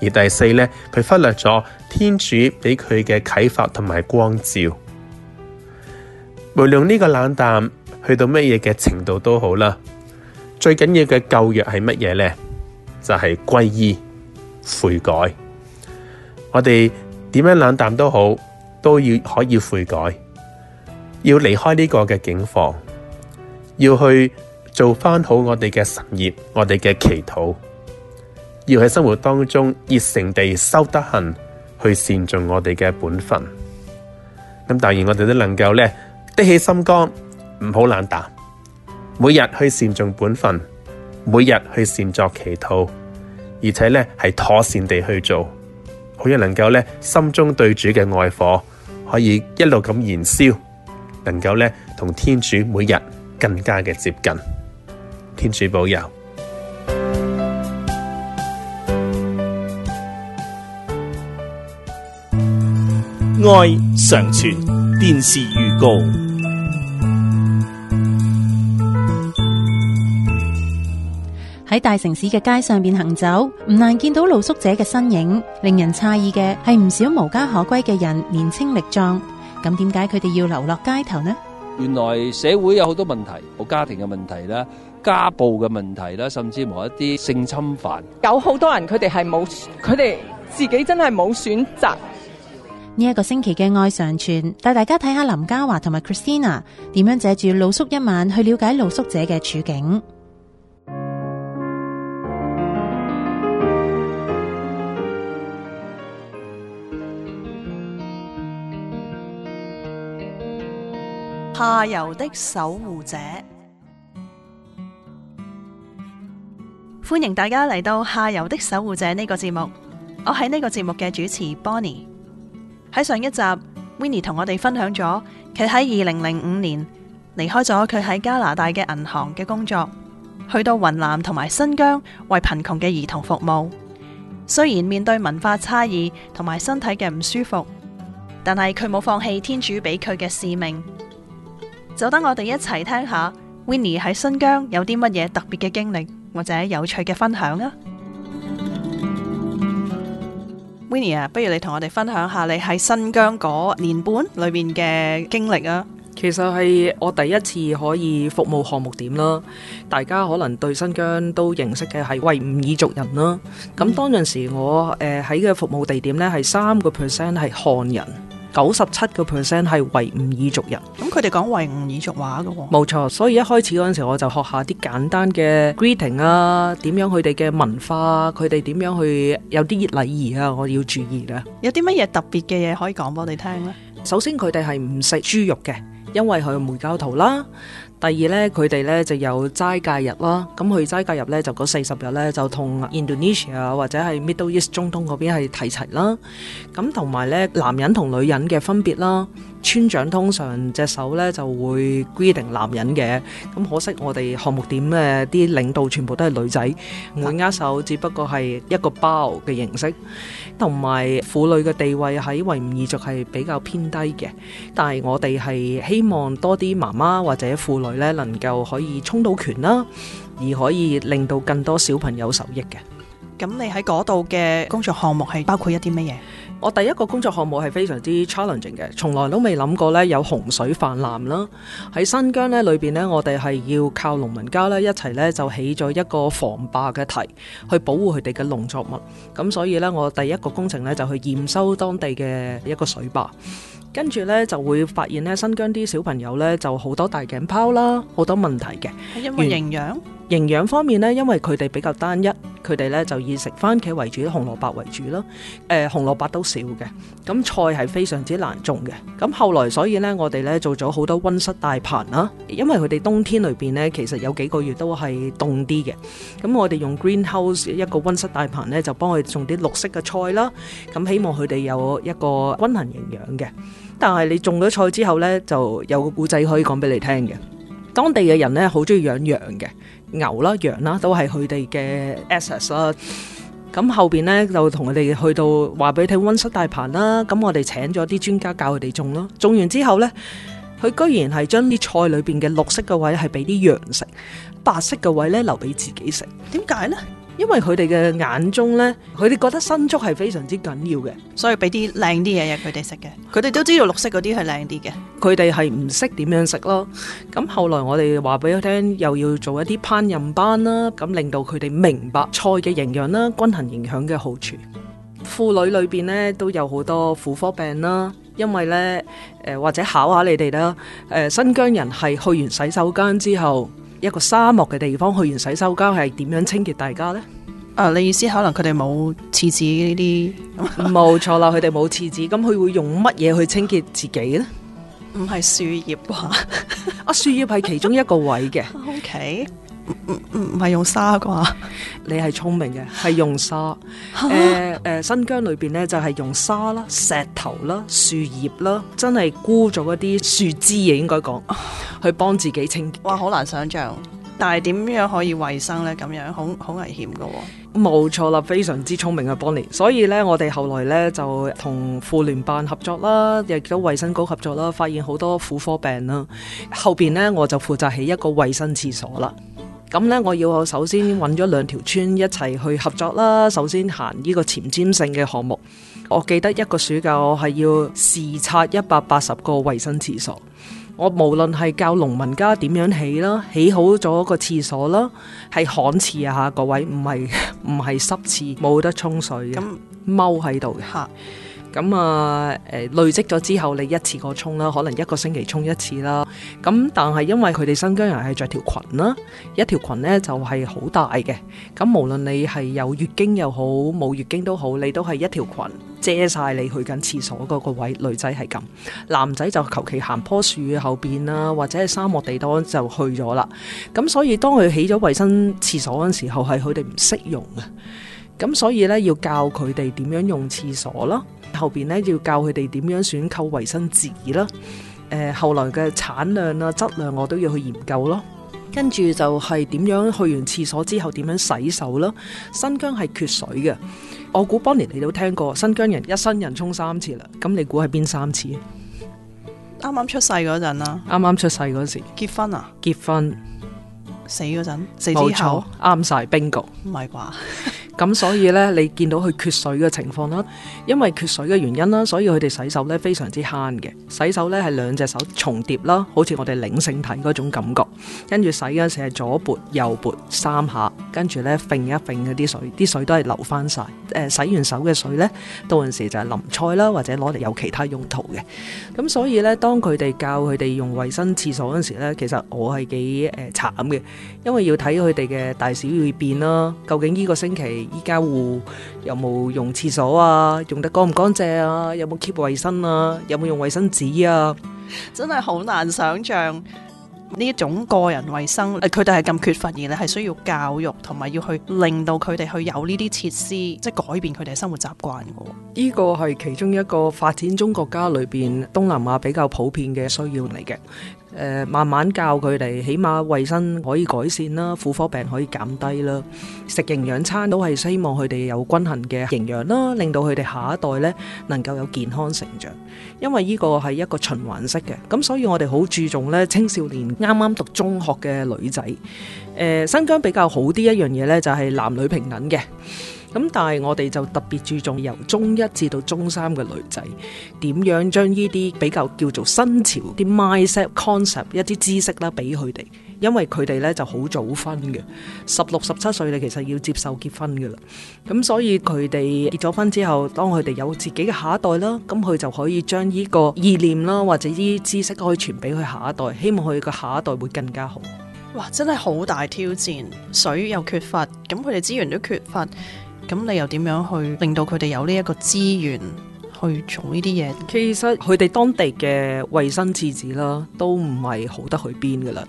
而第四咧，佢忽略咗天主俾佢嘅啟發同埋光照。無論呢個冷淡去到乜嘢嘅程度都好啦，最緊要嘅救藥係乜嘢咧？就係歸依、悔改。我哋點樣冷淡都好，都要可以悔改，要離開呢個嘅境況，要去。做翻好我哋嘅神業，我哋嘅祈禱，要喺生活當中熱誠地修德行，去善盡我哋嘅本分。咁，當然我哋都能夠呢，的起心肝，唔好冷淡，每日去善盡本分，每日去善作祈禱，而且呢係妥善地去做，可以能夠呢心中對主嘅愛火可以一路咁燃燒，能夠呢同天主每日更加嘅接近。天主保佑，愛常存。電視預告：喺大城市嘅街上邊行走，唔難見到露宿者嘅身影。令人詫異嘅係唔少無家可歸嘅人，年輕力壯。咁點解佢哋要流落街頭呢？原來社會有好多問題，冇家庭嘅問題啦。家暴嘅問題啦，甚至乎一啲性侵犯，有好多人佢哋係冇佢哋自己真係冇選擇。呢一個星期嘅愛上傳，帶大家睇下林嘉華同埋 Christina 點樣借住露宿一晚去了解露宿者嘅處境。下游的守護者。歡迎大家嚟到《下游的守護者》呢個節目，我喺呢個節目嘅主持 Bonnie。喺上一集，Winnie 同我哋分享咗佢喺二零零五年離開咗佢喺加拿大嘅銀行嘅工作，去到雲南同埋新疆為貧窮嘅兒童服務。雖然面對文化差異同埋身體嘅唔舒服，但係佢冇放棄天主俾佢嘅使命。就等我哋一齊聽下 Winnie 喺新疆有啲乜嘢特別嘅經歷。或者有趣嘅分享啊 Winnie 啊，不如你同我哋分享下你喺新疆嗰年半裏邊嘅經歷啊。其實係我第一次可以服務項目點啦。大家可能對新疆都認識嘅係維吾爾族人啦。咁當陣時我誒喺嘅服務地點咧係三個 percent 係漢人。九十七個 percent 係維吾爾族人，咁佢哋講維吾爾族話嘅喎、哦，冇錯。所以一開始嗰陣時，我就學下啲簡單嘅 greeting 啊，點樣佢哋嘅文化，佢哋點樣去有啲熱禮儀啊，我要注意啦。有啲乜嘢特別嘅嘢可以講俾你哋聽呢？首先佢哋係唔食豬肉嘅，因為佢係梅教徒啦。第二咧，佢哋咧就有齋戒日啦，咁去齋戒日咧就嗰四十日咧就同 Indonesia 或者係 Middle East 中東嗰邊係睇齊啦。咁同埋咧，男人同女人嘅分別啦，村長通常隻手咧就會 greeting 男人嘅。咁可惜我哋項目點嘅啲領導全部都係女仔，唔會握手，只不過係一個 bow 嘅形式。同埋婦女嘅地位喺維吾爾族係比較偏低嘅，但係我哋係希望多啲媽媽或者婦女咧能夠可以衝到權啦，而可以令到更多小朋友受益嘅。咁你喺嗰度嘅工作項目係包括一啲乜嘢？我第一個工作項目係非常之 challenging 嘅，從來都未諗過咧有洪水泛濫啦。喺新疆咧裏邊咧，我哋係要靠農民家咧一齊咧就起咗一個防壩嘅堤，去保護佢哋嘅農作物。咁所以咧，我第一個工程咧就去驗收當地嘅一個水壩。跟住咧就會發現咧新疆啲小朋友咧就好多大頸泡啦，好多問題嘅。係因為營養營養方面咧，因為佢哋比較單一，佢哋咧就以食番茄為主，紅蘿蔔為主啦。誒、呃、紅蘿蔔都少嘅，咁菜係非常之難種嘅。咁後來所以咧，我哋咧做咗好多溫室大棚啦，因為佢哋冬天裏邊咧其實有幾個月都係凍啲嘅。咁我哋用 greenhouse 一個溫室大棚咧，就幫佢種啲綠色嘅菜啦。咁希望佢哋有一個均衡營養嘅。但係你種咗菜之後呢，就有個古仔可以講俾你聽嘅。當地嘅人呢，好中意養羊嘅，牛啦、羊啦，都係佢哋嘅 assets 啦。咁後邊呢，就同佢哋去到話俾你聽溫室大棚啦。咁我哋請咗啲專家教佢哋種咯。種完之後呢，佢居然係將啲菜裏邊嘅綠色嘅位係俾啲羊食，白色嘅位呢留俾自己食。點解呢？因為佢哋嘅眼中呢，佢哋覺得牲畜係非常之緊要嘅，所以俾啲靚啲嘢俾佢哋食嘅。佢哋都知道綠色嗰啲係靚啲嘅，佢哋係唔識點樣食咯。咁後來我哋話俾佢聽，又要做一啲烹飪班啦，咁令到佢哋明白菜嘅營養啦、均衡營養嘅好處。婦女裏邊呢，都有好多婦科病啦，因為呢，誒、呃、或者考下你哋啦，誒、呃、新疆人係去完洗手間之後。一個沙漠嘅地方，去完洗手間係點樣清潔大家呢？啊，你意思可能佢哋冇廁紙呢啲？冇錯啦，佢哋冇廁紙，咁佢會用乜嘢去清潔自己呢？唔係樹葉啊， 啊樹葉係其中一個位嘅。 OK。唔唔係用沙啩， 你係聰明嘅，係用沙。誒 、呃、新疆裏邊呢，就係用沙啦、石頭啦、樹葉啦，真係枯咗嗰啲樹枝啊，應該講去幫自己清潔。哇，好難想象，但係點樣可以衛生呢？咁樣好好危險噶。冇錯啦，非常之聰明嘅 Bonnie。所以呢，我哋後來呢，就同婦聯辦合作啦，亦都衛生局合作啦，發現好多婦科病啦。後邊呢，我就負責起一個衛生廁所啦。咁呢，我要我首先揾咗兩條村一齊去合作啦。首先行呢個前瞻性嘅項目，我記得一個暑假我係要視察一百八十個衞生廁所。我無論係教農民家點樣起啦，起好咗個廁所啦，係旱廁啊，各位，唔係唔係濕廁，冇得沖水咁踎喺度。咁啊，呃，累積咗之後，你一次過沖啦，可能一個星期沖一次啦。咁但係因為佢哋新疆人係着條裙啦，一條裙呢就係、是、好大嘅。咁無論你係有月經又好，冇月經都好，你都係一條裙遮晒你去緊廁所嗰個位。女仔係咁，男仔就求其行棵樹後面啦，或者係沙漠地多就去咗啦。咁所以當佢起咗衛生廁所嗰陣時候，係佢哋唔識用啊。咁所以咧，要教佢哋點樣用廁所咯。後邊咧，要教佢哋點樣選購衛生紙啦。誒、呃，後來嘅產量啊、質量，我都要去研究咯。跟住就係點樣去完廁所之後點樣洗手啦。新疆係缺水嘅，嗯、我估當年你都聽過新疆人一生人沖三次啦。咁你估係邊三次啊？啱啱出世嗰陣啦，啱啱出世嗰時結婚啊，結婚。死嗰陣，死咗啱晒冰局，唔係啩？咁是 所以呢，你見到佢缺水嘅情況啦，因為缺水嘅原因啦，所以佢哋洗手呢非常之慳嘅。洗手呢係兩隻手重疊啦，好似我哋領聖體嗰種感覺，跟住洗嗰陣時係左撥右撥三下，跟住呢揈一揈嗰啲水，啲水都係流翻晒。誒、呃，洗完手嘅水呢，到陣時就係淋菜啦，或者攞嚟有其他用途嘅。咁所以呢，當佢哋教佢哋用衛生廁所嗰陣時咧，其實我係幾誒慘嘅。呃因為要睇佢哋嘅大小會變啦，究竟呢個星期依家戶有冇用廁所啊，用得乾唔乾淨啊，有冇 keep 衛生啊，有冇用衛生紙啊，真係好難想象呢一種個人衛生，佢哋係咁缺乏，而咧係需要教育，同埋要去令到佢哋去有呢啲設施，即係改變佢哋嘅生活習慣嘅。呢個係其中一個發展中國家裏邊東南亞比較普遍嘅需要嚟嘅。誒慢慢教佢哋，起碼衛生可以改善啦，婦科病可以減低啦，食營養餐都係希望佢哋有均衡嘅營養啦，令到佢哋下一代呢能夠有健康成長。因為呢個係一個循環式嘅，咁所以我哋好注重呢青少年啱啱讀中學嘅女仔。誒新疆比較好啲一樣嘢呢，就係男女平等嘅。咁但係我哋就特別注重由中一至到中三嘅女仔點樣將呢啲比較叫做新潮啲 mindset、concept 一啲知識啦，俾佢哋，因為佢哋咧就好早婚嘅，十六、十七歲你其實要接受結婚噶啦。咁所以佢哋結咗婚之後，當佢哋有自己嘅下一代啦，咁佢就可以將呢個意念啦，或者呢啲知識可以傳俾佢下一代，希望佢嘅下一代會更加好。哇！真係好大挑戰，水又缺乏，咁佢哋資源都缺乏。咁你又點樣去令到佢哋有呢一個資源去做呢啲嘢？其實佢哋當地嘅衛生廁紙啦，都唔係好得去邊噶啦。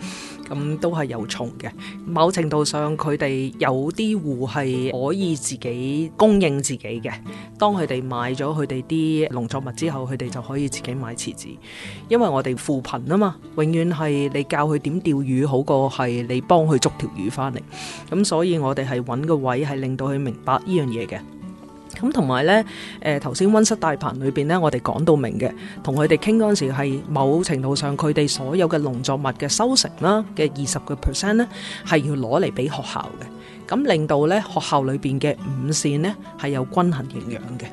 咁都係有蟲嘅，某程度上佢哋有啲戶係可以自己供應自己嘅。當佢哋買咗佢哋啲農作物之後，佢哋就可以自己買餌子。因為我哋扶貧啊嘛，永遠係你教佢點釣魚好過係你幫佢捉條魚翻嚟。咁所以我哋係揾個位係令到佢明白呢樣嘢嘅。咁同埋咧，誒頭先溫室大棚裏邊咧，我哋講到明嘅，同佢哋傾嗰陣時，係某程度上佢哋所有嘅農作物嘅收成啦嘅二十個 percent 咧，係要攞嚟俾學校嘅，咁令到咧學校裏邊嘅午膳咧係有均衡營養嘅。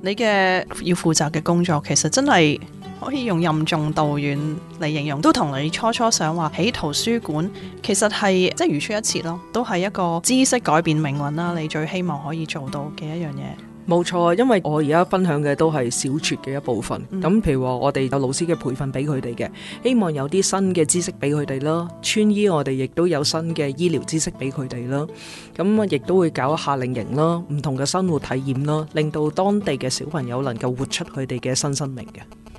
你嘅要負責嘅工作其實真係可以用任重道遠嚟形容，都同你初初想話喺圖書館，其實係即係如出一轍咯，都係一個知識改變命運啦。你最希望可以做到嘅一樣嘢。冇錯，因為我而家分享嘅都係小撮嘅一部分。咁譬如話，我哋有老師嘅培訓俾佢哋嘅，希望有啲新嘅知識俾佢哋啦。穿醫，我哋亦都有新嘅醫療知識俾佢哋啦。咁啊，亦都會搞下夏令營啦，唔同嘅生活體驗啦，令到當地嘅小朋友能夠活出佢哋嘅新生命嘅。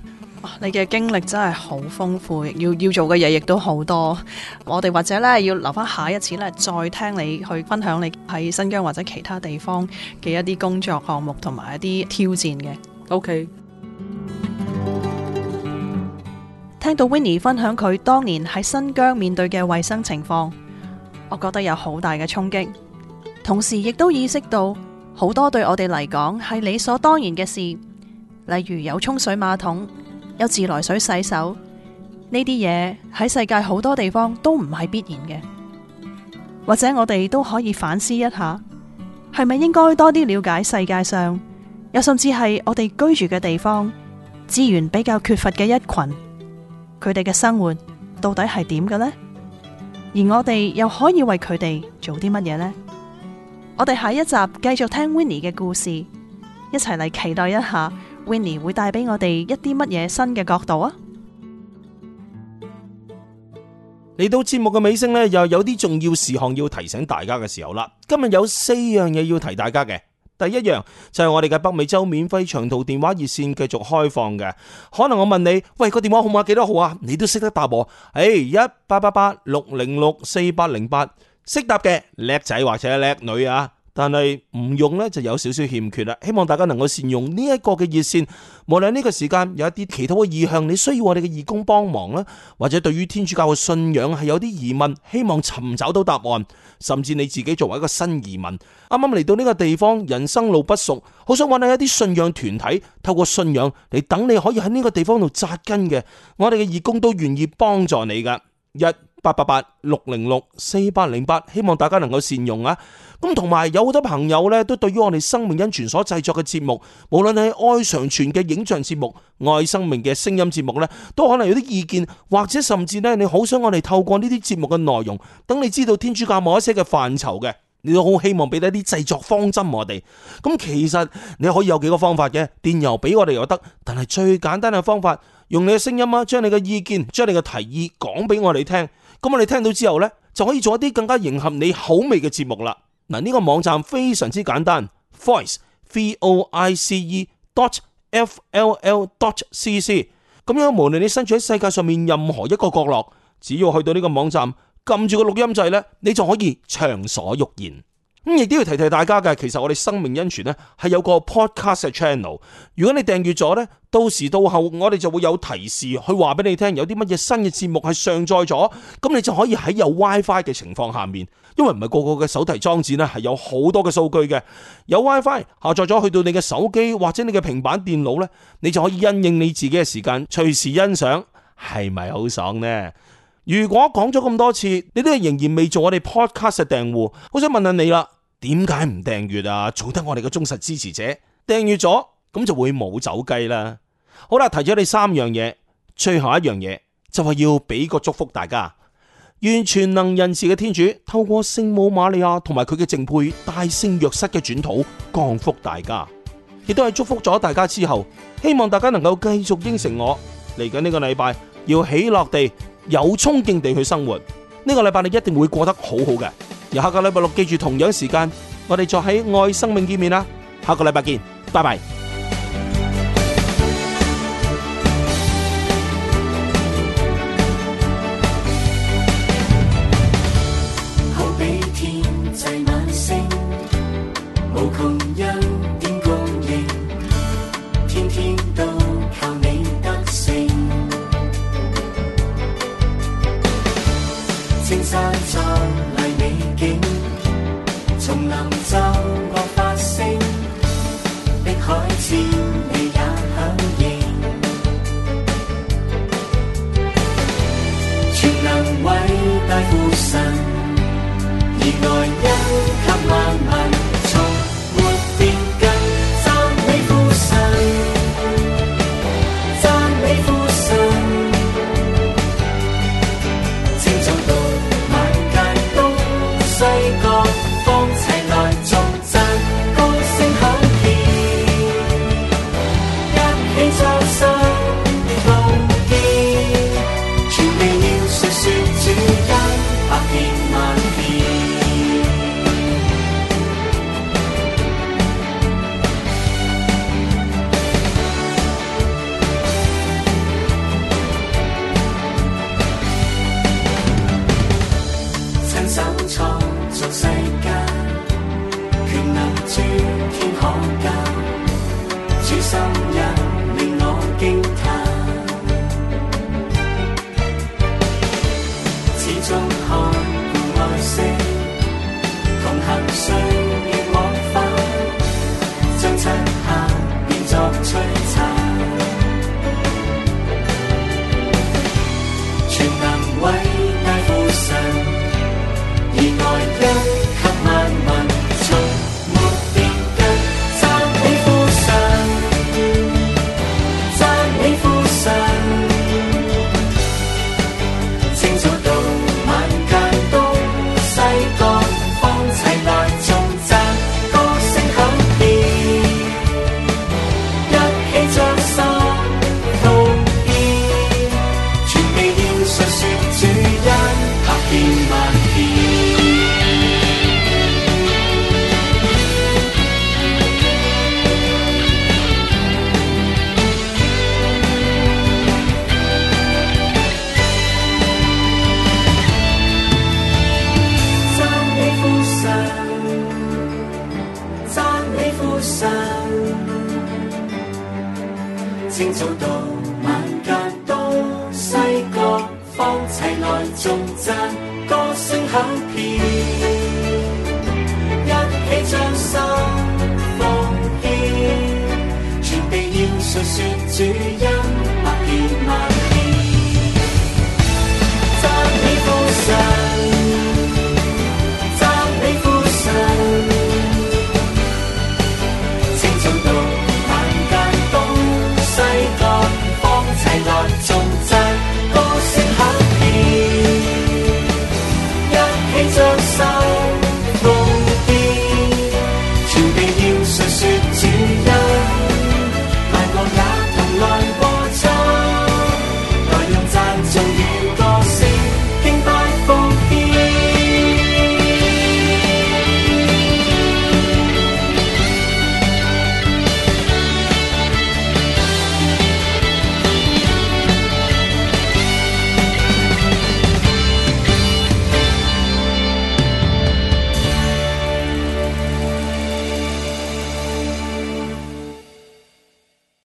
你嘅經歷真係好豐富，要要做嘅嘢亦都好多。我哋或者咧要留翻下一次咧，再聽你去分享你喺新疆或者其他地方嘅一啲工作項目同埋一啲挑戰嘅。OK，聽到 Winnie 分享佢當年喺新疆面對嘅衛生情況，我覺得有好大嘅衝擊，同時亦都意識到好多對我哋嚟講係理所當然嘅事，例如有沖水馬桶。有自來水洗手，呢啲嘢，喺世界好多地方都唔係必然嘅。或者我哋都可以反思一下，係咪應該多啲了解世界上，又甚至係我哋居住嘅地方資源比較缺乏嘅一群，佢哋嘅生活到底係點嘅呢？而我哋又可以為佢哋做啲乜嘢呢？我哋下一集繼續聽 Winnie 嘅故事，一齊嚟期待一下。Winnie 會帶俾我哋一啲乜嘢新嘅角度啊！嚟到節目嘅尾聲呢，又有啲重要事項要提醒大家嘅時候啦。今日有四樣嘢要提大家嘅，第一樣就係我哋嘅北美洲免費長途電話熱線繼續開放嘅。可能我問你，喂個電話號碼幾多號啊？你都識得答我、hey。誒，一八八八六零六四八零八，識答嘅叻仔或者叻女啊！但係唔用呢就有少少欠缺啦。希望大家能夠善用呢一個嘅熱線。無論呢個時間有一啲其他嘅意向，你需要我哋嘅義工幫忙啦，或者對於天主教嘅信仰係有啲疑問，希望尋找到答案，甚至你自己作為一個新移民，啱啱嚟到呢個地方，人生路不熟，好想搵下一啲信仰團體，透過信仰嚟等你可以喺呢個地方度扎根嘅。我哋嘅義工都願意幫助你噶一。八八八六零六四八零八，8，希望大家能夠善用啊！咁同埋有好多朋友呢，都對於我哋生命恩泉所製作嘅節目，無論係愛上傳嘅影像節目、愛生命嘅聲音節目呢，都可能有啲意見，或者甚至呢，你好想我哋透過呢啲節目嘅內容，等你知道天主教某一些嘅範疇嘅，你都好希望俾一啲製作方針我哋。咁其實你可以有幾個方法嘅，電郵俾我哋又得，但係最簡單嘅方法，用你嘅聲音啊，將你嘅意見、將你嘅提議講俾我哋聽。咁我哋聽到之後呢，就可以做一啲更加迎合你口味嘅節目啦。嗱，呢個網站非常之簡單，voice v o i c e dot f l l dot c c。咁樣無論你身處喺世界上面任何一個角落，只要去到呢個網站，撳住個錄音掣呢，你就可以暢所欲言。咁亦都要提提大家嘅，其實我哋生命恩泉呢係有個 podcast channel。如果你訂閱咗呢，到時到後我哋就會有提示去話俾你聽，有啲乜嘢新嘅節目係上載咗，咁你就可以喺有 WiFi 嘅情況下面，因為唔係個個嘅手提裝置呢係有好多嘅數據嘅，有 WiFi 下載咗去到你嘅手機或者你嘅平板電腦呢，你就可以因應你自己嘅時間隨時欣賞，係咪好爽呢？如果講咗咁多次，你都係仍然未做我哋 podcast 嘅訂戶，好想問下你啦，點解唔訂閱啊？做得我哋嘅忠實支持者，訂閱咗咁就會冇走雞啦。好啦，提咗你三樣嘢，最後一樣嘢就係要俾個祝福大家。願全能人士嘅天主透過聖母瑪利亞同埋佢嘅淨配大聖若瑟嘅轉禱降福大家，亦都係祝福咗大家之後，希望大家能夠繼續應承我嚟緊呢個禮拜要起落地。有憧憬地去生活，呢個禮拜你一定會過得好好嘅。由下個禮拜六記住同樣時間，我哋再喺愛生命見面啦。下個禮拜見，拜拜。